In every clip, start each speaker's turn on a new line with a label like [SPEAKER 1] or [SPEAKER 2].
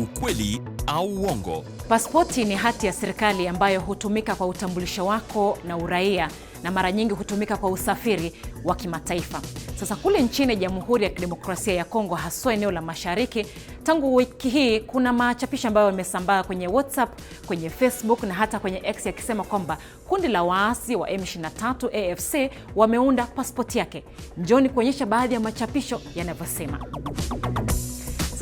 [SPEAKER 1] ukweli au uongo.
[SPEAKER 2] Pasipoti ni hati ya serikali ambayo hutumika kwa utambulisho wako na uraia na mara nyingi hutumika kwa usafiri wa kimataifa. Sasa kule nchini Jamhuri ya Kidemokrasia ya Kongo, haswa eneo la mashariki, tangu wiki hii kuna machapisho ambayo yamesambaa kwenye WhatsApp, kwenye Facebook na hata kwenye X yakisema kwamba kundi la waasi wa M23 AFC wameunda pasipoti yake. Njoni kuonyesha baadhi ya machapisho yanavyosema.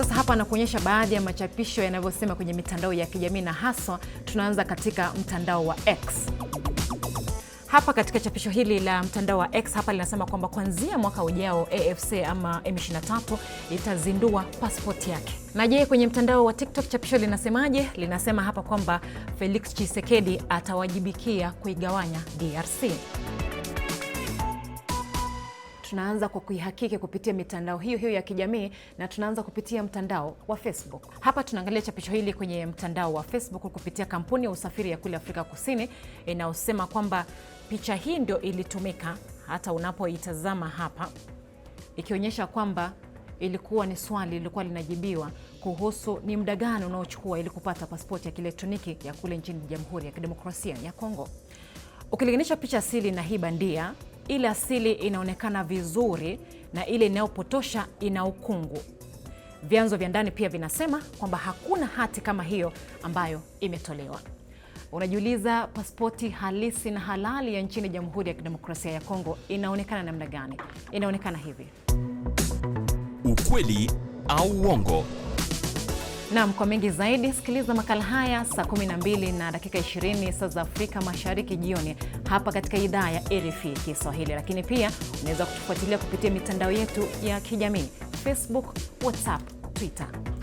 [SPEAKER 2] Sasa hapa anakuonyesha baadhi ya machapisho yanavyosema kwenye mitandao ya kijamii na haswa tunaanza katika mtandao wa X. Hapa katika chapisho hili la mtandao wa X hapa linasema kwamba kuanzia mwaka ujao AFC ama M23 itazindua pasipoti yake. Na je, kwenye mtandao wa TikTok chapisho linasemaje? Linasema hapa kwamba Felix Tshisekedi atawajibikia kuigawanya DRC tunaanza kwa kuihakiki kupitia mitandao hiyo hiyo ya kijamii, na tunaanza kupitia mtandao wa Facebook. Hapa tunaangalia chapisho hili kwenye mtandao wa Facebook kupitia kampuni ya usafiri ya kule Afrika Kusini inayosema kwamba picha hii ndio ilitumika, hata unapoitazama hapa, ikionyesha kwamba ilikuwa ni swali lilikuwa linajibiwa kuhusu ni muda gani unaochukua ili kupata pasipoti ya kielektroniki ya kule nchini Jamhuri ya Kidemokrasia ya Kongo. Ukilinganisha picha asili na hii bandia ile asili inaonekana vizuri na ile inayopotosha ina ukungu. Vyanzo vya ndani pia vinasema kwamba hakuna hati kama hiyo ambayo imetolewa. Unajiuliza, pasipoti halisi na halali ya nchini Jamhuri ya Kidemokrasia ya Kongo inaonekana namna gani? Inaonekana hivi:
[SPEAKER 1] ukweli au uongo.
[SPEAKER 2] Naam, kwa mengi zaidi sikiliza makala haya saa 12 na dakika 20 saa za Afrika Mashariki jioni hapa katika idhaa ya RFI Kiswahili, lakini pia unaweza kutufuatilia kupitia mitandao yetu ya kijamii Facebook, WhatsApp, Twitter